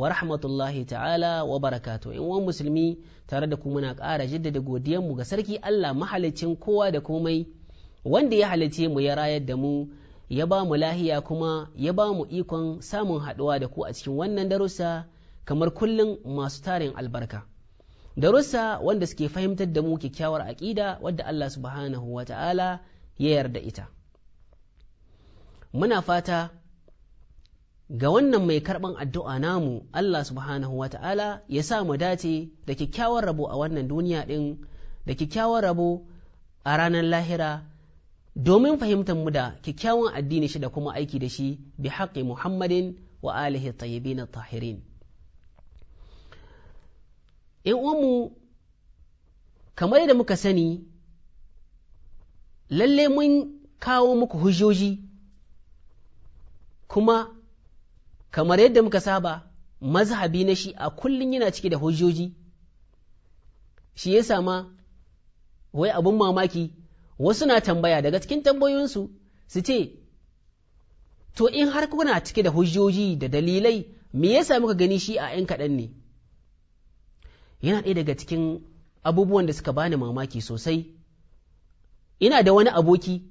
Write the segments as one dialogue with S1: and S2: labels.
S1: wa rahmatullahi ta'ala wa barakatu in wani musulmi tare da kuma na ƙara jaddada godiyar mu ga sarki Allah mahalicin kowa da komai wanda ya halice mu ya rayar da mu ya ba mu lahiya kuma ya ba mu ikon samun haɗuwa da ku a cikin wannan darussa kamar kullum masu tarin albarka darussa wanda suke fahimtar da mu kyakkyawar aƙida wadda Allah subhanahu wa ta'ala ya yarda ita muna fata ga wannan mai karɓan addu'a namu Allah subhanahu wa ta'ala ya sa mu dace da kyakkyawar rabo a wannan duniya ɗin da kyakkyawar rabo a ranar lahira domin fahimtar mu da kyakkyawan addini shi da kuma aiki da shi bi haƙƙi Muhammadin wa alihi tayyibin tahirin. In umu kamar da muka sani, lalle mun kawo muku hujjoji kuma kamar yadda muka saba mazhabi na shi a kullum yana cike da hujjoji shi ya sama wai abun mamaki wasu na tambaya daga cikin tambayoyinsu su ce to in har kuna cike da hujjoji da dalilai me yasa muka gani shi a ‘yan kaɗan ne yana ɗaya daga cikin abubuwan da suka bani mamaki sosai ina da wani aboki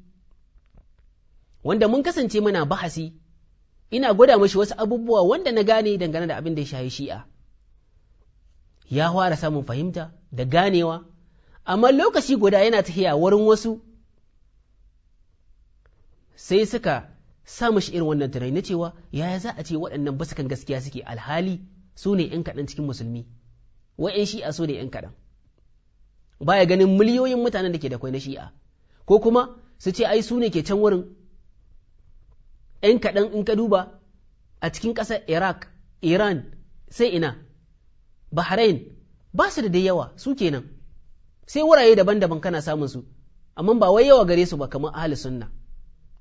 S1: wanda mun kasance muna bahasi ina gwada mashi wasu abubuwa wanda na gane dangane da abin da ya shahi shi'a ya fara samun fahimta da ganewa amma lokaci guda yana tafiya warin wasu sai suka sa mashi irin wannan tunani na cewa yaya za a ce waɗannan ba kan gaskiya suke alhali su ne ‘yan kaɗan cikin musulmi wa'yan shi'a su ne ‘yan kaɗan baya ganin miliyoyin mutanen da ke da kwai na shi'a ko kuma su ce ai su ne ke can wurin ‘yan kaɗan in ka duba a cikin ƙasar Iraq, Iran, sai ina, Bahrain, ba su da dai yawa su kenan, sai wuraye daban-daban kana samun su, amma ba wai yawa gare su ba kamar ahli sunna,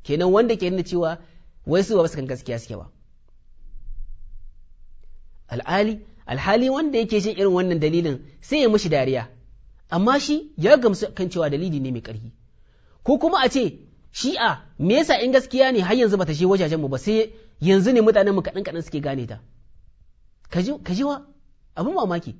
S1: kenan wanda ke nuna cewa wai su ba su kan gaskiya suke ba. Al'ali, alhali wanda yake shan irin wannan dalilin sai ya mashi dariya, amma shi ya gamsu kan cewa dalili ne mai ƙarfi, ko kuma a ce shi'a me yasa in gaskiya ne har yanzu bata shi wajajen mu ba sai yanzu ne mutanen mu kaɗan kaɗan suke gane ta ka ji wa abin mamaki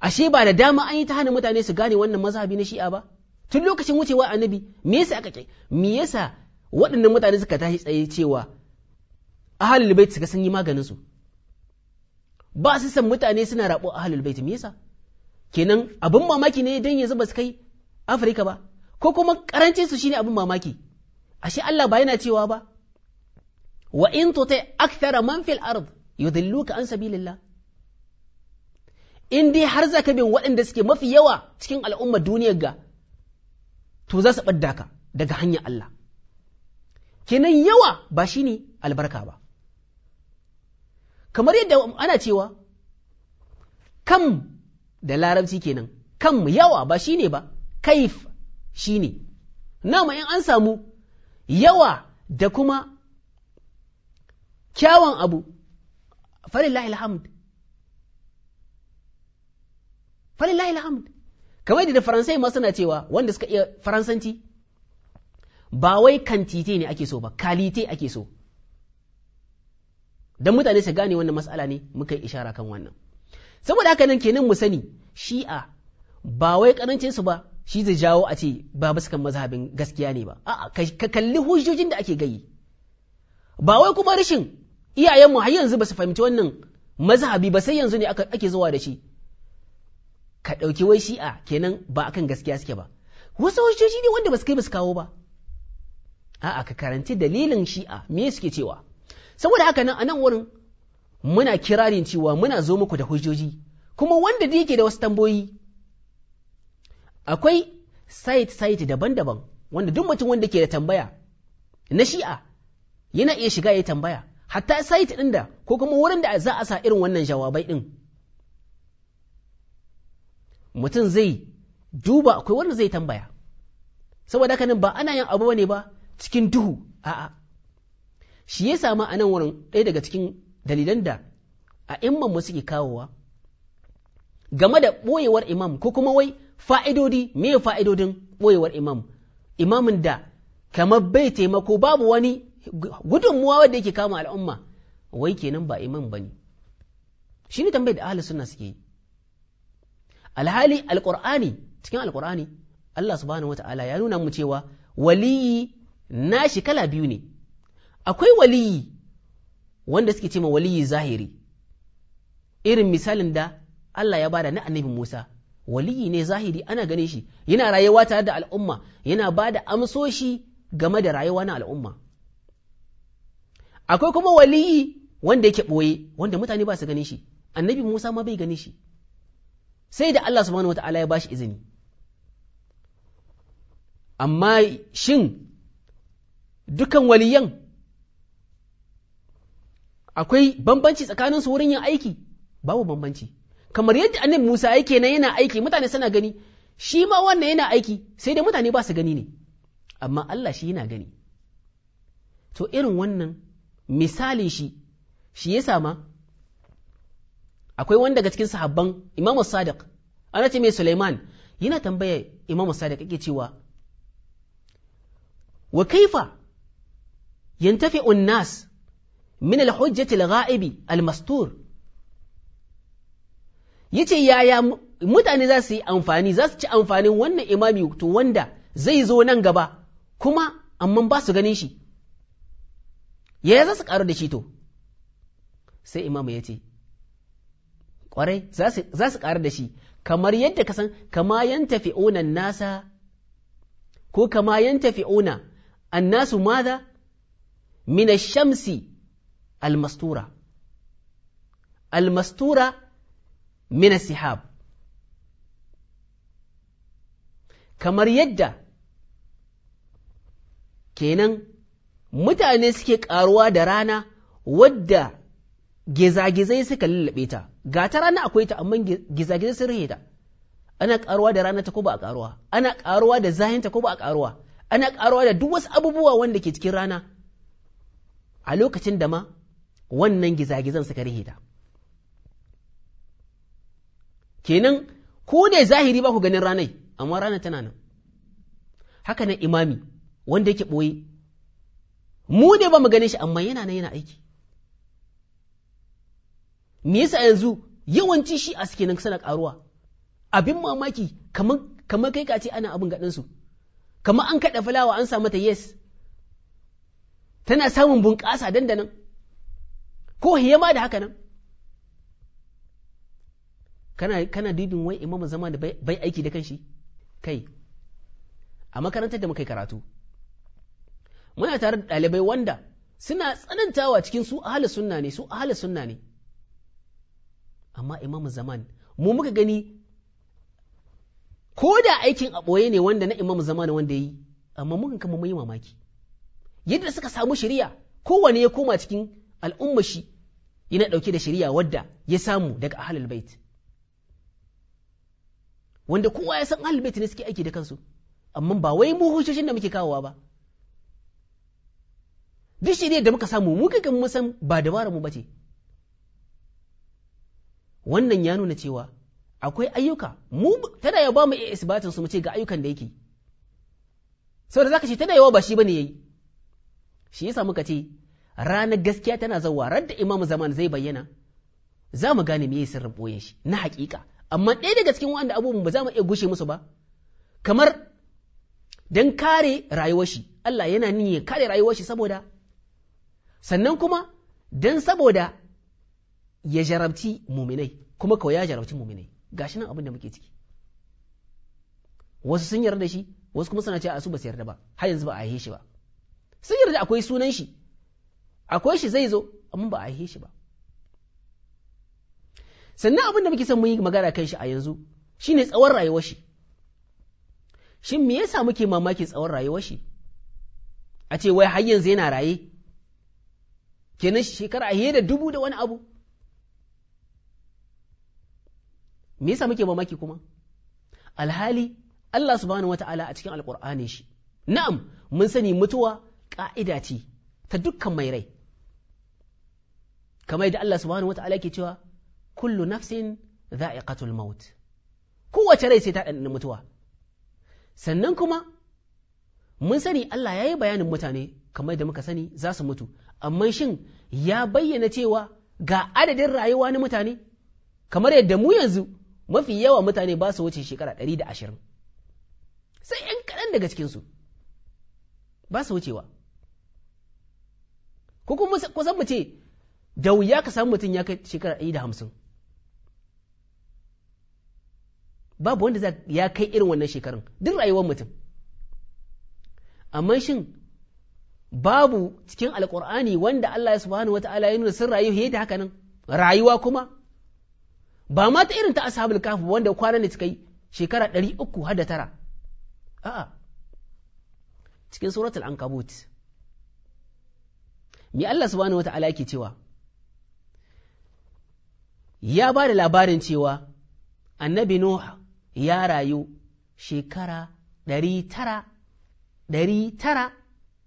S1: ashe ba da dama an yi ta hana mutane su gane wannan mazhabi na shi'a ba tun lokacin wucewa annabi me yasa aka ke me yasa waɗannan mutane suka tashi tsaye cewa ahalul bait suka san yi maganin su ba su san mutane suna rabo ahalul bait me yasa kenan abin mamaki ne dan yanzu ba su kai Afirka ba ko kuma karancin su shine abin mamaki ashe Allah ba yana cewa ba wa in tuti akthara man fil ard yudilluka an sabilillah in dai har zaka bin waɗanda suke mafi yawa cikin al'ummar duniyar ga to za su ka daga hanyar Allah kenan yawa ba shine albarka ba kamar yadda ana cewa kam da larabci kenan kam yawa ba shine ba kaif shi ne, nama in an samu yawa da kuma kyawun abu, falillahi alhamd. Falillahi alhamd. Kamar da Faransai ma suna cewa wanda suka iya Faransanci, ba wai kantite ne ake so ba, kalite ake so. Don mutane su gane wannan matsala ne muka yi ishara kan wannan. Saboda haka nan kenan mu sani shi'a ba wai karancinsu ba shi zai jawo a ce ba baskan mazhabin gaskiya ne ba a ka kalli hujjojin da ake gayi ba wai kuma rashin iyayenmu har yanzu ba su fahimci wannan mazhabi ba sai yanzu ne ake zuwa da shi ka ɗauki wai shi'a kenan ba akan gaskiya suke ba wasu hujjoji ne wanda ba su kai ba kawo ba a'a ka karanci dalilin shi'a me suke cewa saboda haka nan a nan wurin muna kirarin cewa muna zo muku da hujjoji kuma wanda da yake da wasu tamboyi akwai site-site daban-daban wanda duk mutum wanda ke da tambaya na shi'a yana iya shiga ya tambaya hatta site ɗin da ko kuma wurin da za a sa irin wannan jawabai ɗin mutum zai duba akwai wanda zai tambaya saboda haka nan ba ana yin abu ne ba cikin duhu a'a shi ya samu a nan wurin ɗaya daga cikin dalilan da a imman mu suke kawowa game da ɓoyewar imam ko kuma wai fa'idodi me fa'idodin ɓoyewar imam imamin da kamar bai taimako babu wani gudunmuwa wadda yake kama al'umma wai kenan ba imam ba ne shi ne tambayar da ahli suna suke yi alhali alƙur'ani cikin alƙur'ani Allah subhanahu wata'ala ya nuna mu cewa waliyi na shi kala biyu ne akwai waliyi wanda suke ce ma waliyi zahiri irin misalin da Allah ya bada na annabi Musa waliyi ne zahiri ana ganin shi yana rayuwa tare da al'umma yana ba da amsoshi game da rayuwa na al'umma akwai kuma waliyi wanda yake ɓoye wanda mutane ba su ganin shi annabi musa ma bai ganin shi sai da allah subhanahu wata'ala ya bashi izini amma shin dukan waliyan akwai bambanci tsakaninsu wurin yin aiki babu bambanci kamar yadda annabi Musa yake nan yana aiki mutane suna gani shi ma wannan yana aiki sai dai mutane ba su gani ne amma Allah shi yana gani to irin wannan misalin shi shi ya sama akwai wanda daga cikin sahabban Imam Sadiq ana ce mai Sulaiman yana tambaya Imam Sadiq yake cewa wa kaifa yantafi'un nas min al-hujjati al-gha'ibi al-mastur yace yaya mutane za su yi amfani za su ci amfanin wannan imami to wanda zai zo nan gaba kuma amma ba su ganin shi ya za su karu da shi to sai imamu ya ce kwarai za su karu da shi kamar yadda ka san kama yan tafi'unan nasa ko kama yan an annasu maza min shamsi almastura almastura min sihab kamar yadda kenan mutane suke karuwa da rana wadda gizagizai suka lullaɓe ta ga ta rana akwai ta amma gizagizai sun rahe ta ana karuwa da rana ta ko ba a karuwa ana karuwa da zahin ta ko ba a karuwa ana karuwa da duk wasu abubuwa wanda ke cikin rana a lokacin da ma wannan gizagizan suka rahe ta kenan ku ne zahiri ba ku ganin ranai amma rana tana nan haka nan imami wanda yake ɓoye mu ne ba mu ganin shi amma yana nan yana aiki me yasa yanzu yawanci shi a suke nan suna karuwa abin mamaki kamar kai kace ana abin su kamar an kaɗa fulawa an samu ta yes tana samun bunƙasa dandanan ko hiyama da haka nan kana kana dibin wai imamu da bai aiki da kanshi kai a makarantar da muka karatu muna tare da ɗalibai wanda suna tsanantawa cikin su ahli sunna ne su ahli sunna ne amma imamu zaman mu muka gani ko da aikin a ne wanda na imamu zaman wanda yi amma mun kama mun mamaki yadda suka samu shari'a kowane ya koma cikin al'ummashi yana ɗauke da shari'a wadda ya samu daga ahlul bait wanda kowa ya san ahlul ne suke aiki da kansu amma ba wai mu hushoshin da muke kawowa ba duk ne da muka samu mu kakan mu san ba dabara mu bace wannan ya nuna cewa akwai ayyuka mu tada ya ba mu isbatin su mu ce ga ayyukan da yake saboda zaka ce tada yawa ba shi bane yayi shi yasa muka ce ranar gaskiya tana zawa ranar da imamu zaman zai bayyana za mu gane meye sirrin boye shi na haƙiƙa. amma ɗaya daga cikin wanda abubuwan ba za mu iya gushe musu ba kamar don kare rayuwar shi Allah yana ya kare rayuwar shi saboda sannan kuma don saboda ya jarabci muminai kuma kawai ya jarabci muminai gashi nan abin da muke ciki wasu sun yarda shi wasu kuma suna cewa a su ba su yarda ba har yanzu ba a yi shi ba sun yarda akwai sunan shi akwai shi zai zo amma ba a yi shi ba sannan abin da muke son mun yi magana kan shi a yanzu shine tsawon rayuwar shi shin me yasa muke mamaki tsawon rayuwar shi a ce wai har yanzu yana raye kenan shekara a da dubu da wani abu me yasa muke mamaki kuma alhali Allah subhanahu wata'ala a cikin Alkur'ani shi na'am mun sani mutuwa ƙa'ida ce ta dukkan mai rai kamar yadda Allah subhanahu wata'ala ke cewa kullu nafsin za'iqatul maut kowace rai sai ta ɗanɗana mutuwa sannan kuma mun sani Allah ya yi bayanin mutane kamar da muka sani za su mutu amma shin ya bayyana cewa ga adadin rayuwa na mutane kamar yadda mu yanzu mafi yawa mutane ba su wuce shekara ɗari da ashirin sai ‘yan kaɗan daga cikinsu ba su wucewa ko kuma kusan mu ce da wuya ka samu mutum ya kai shekara ɗari da hamsin babu wanda ya kai irin wannan shekarun duk rayuwar mutum amma shin babu cikin alkur'ani wanda Allah subhanahu wata'ala ya nuna sun rayu fiye da haka nan rayuwa kuma ba ma ta irin ta ashabul kafi wanda kwana ne suka yi shekara ɗari uku har da tara a'a cikin suratul ankabut me Allah subhanahu wata'ala yake cewa ya ba da labarin cewa annabi nuha ya rayu shekara ɗari tara ɗari tara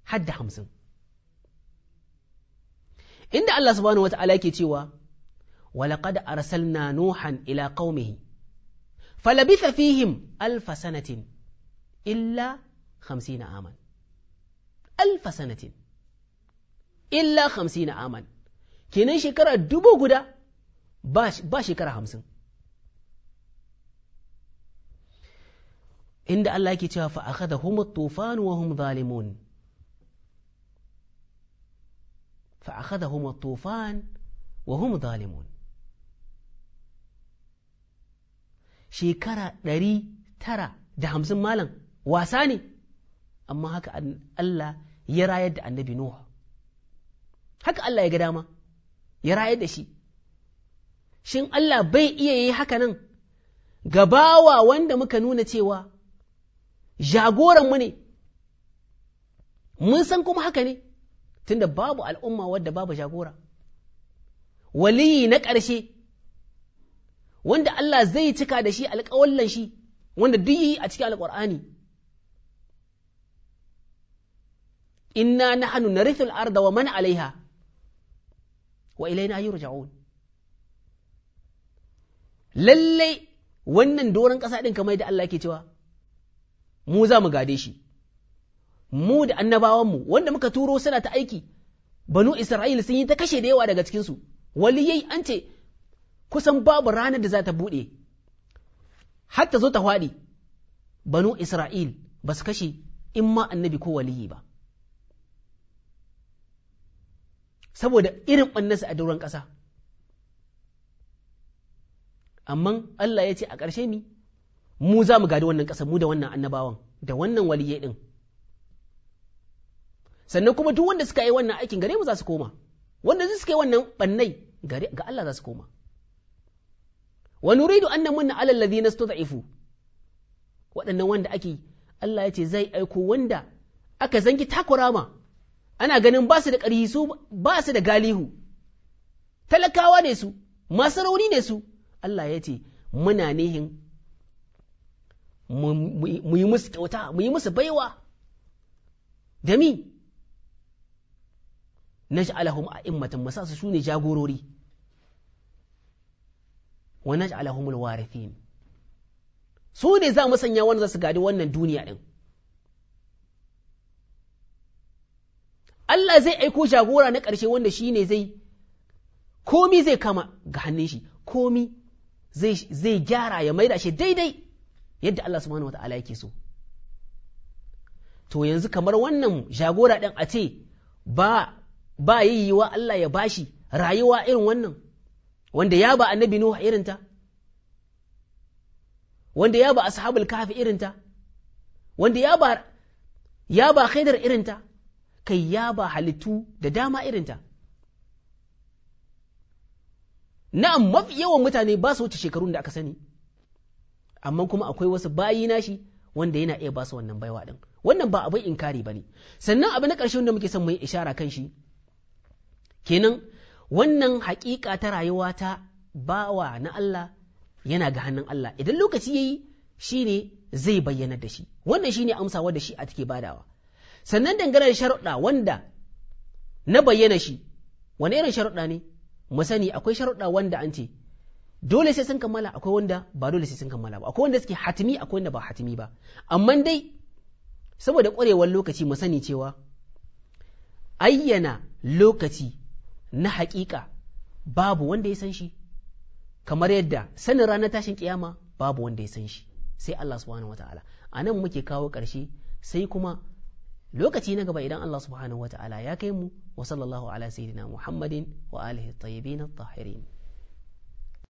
S1: hadda hamsin inda Allah subhanahu wata'ala ke cewa walaƙad arsalna nuhan ila qaumihi falabitha fihim alfa sanatin illa na aman alfa sanatin illa na aman kenan shekara dubu guda ba shekara hamsin inda Allah yake cewa fa akhadhahum at-tufan wa hum zalimun fa akhadhahum at-tufan wa hum zalimun shekara ɗari tara da hamsin malam wasa ne amma haka Allah ya rayar da annabi Nuhu haka Allah ya ga dama ya rayar da shi shin Allah bai iya yi haka nan gabawa wanda muka nuna cewa jagoranmu ne, mun san kuma haka ne, tunda babu al'umma wadda babu jagora, waliyi na ƙarshe, wanda Allah zai cika da shi alƙawallan shi, wanda duk yi a cikin alƙur'ani. Inna nahnu narithul arda wa man alaiha wa ilaina yurja'un lallai wannan doron ƙasa ɗin kamar da Allah yake cewa mu za mu gade shi mu da annabawanmu wanda muka turo suna ta aiki banu isra'il sun yi ta kashe da yawa daga cikinsu waliyai an ce kusan babu ranar da za ta buɗe har ta zo ta faɗi banu isra'il ba su kashe in ma annabi ko waliyi ba saboda irin ɓannansa a doron ƙasa amma Allah ya ce a ƙarshe ni. mu za mu gadi wannan kasar mu da wannan annabawan da wannan waliye ɗin sannan kuma duk wanda suka yi wannan aikin gare mu za su koma wanda su suka yi wannan bannai gare ga Allah za su koma wa nuridu anna munna alal ladina stud'ifu waɗannan wanda ake Allah ya ce zai aiko wanda aka zangi takurama ana ganin ba su da ƙarfi su ba su da galihu talakawa ne su masu rauni ne su Allah ya ce muna nihin mu yi musu kyauta mu yi musu baiwa da mi naj'alahum a'immatan musa su ne jagorori wa naj'alahum alwarithin su ne za mu sanya wanda za su gadi wannan duniya din Allah zai aiko jagora na karshe wanda shi ne zai komi zai kama ga hannun shi komi zai gyara ya maida shi daidai yadda Allah subhanahu wata'ala yake so to yanzu kamar wannan jagora ɗin a ce ba ba yiwa Allah ya bashi rayuwa irin wannan wanda ya ba annabi Nuhu irinta wanda ya ba ashabul irin irinta wanda ya ba ya ba irin irinta kai ya ba halittu da dama irinta na'am mafi yawan mutane ba su wuce shekarun da aka sani amma kuma akwai wasu bayi nashi wanda yana iya basu wannan baiwa din wannan ba abin inkari ne. sannan abu na ƙarshe wanda muke son mu yi ishara kan shi kenan wannan haƙiƙa ta rayuwa ta bawa na Allah yana ga hannun Allah idan lokaci yayi shine zai bayyana da shi wannan shine amsawa da shi a take badawa sannan dangane da sharuɗa wanda na bayyana shi wani irin sharuɗa ne mu sani akwai sharuɗa wanda an ce dole sai sun kammala akwai wanda ba dole sai sun kammala ba akwai wanda suke hatimi akwai wanda ba hatimi ba amma dai saboda ƙwarewar lokaci mu sani cewa ayyana lokaci na haƙiƙa babu wanda ya san shi kamar yadda sanin ranar tashin kiyama babu wanda ya san shi sai Allah subhanahu wata'ala a nan muke kawo ƙarshe sai kuma lokaci na gaba idan Allah subhanahu wata'ala ya kai mu wa sallallahu ala sayyidina Muhammadin wa alihi tayyibin at-tahirin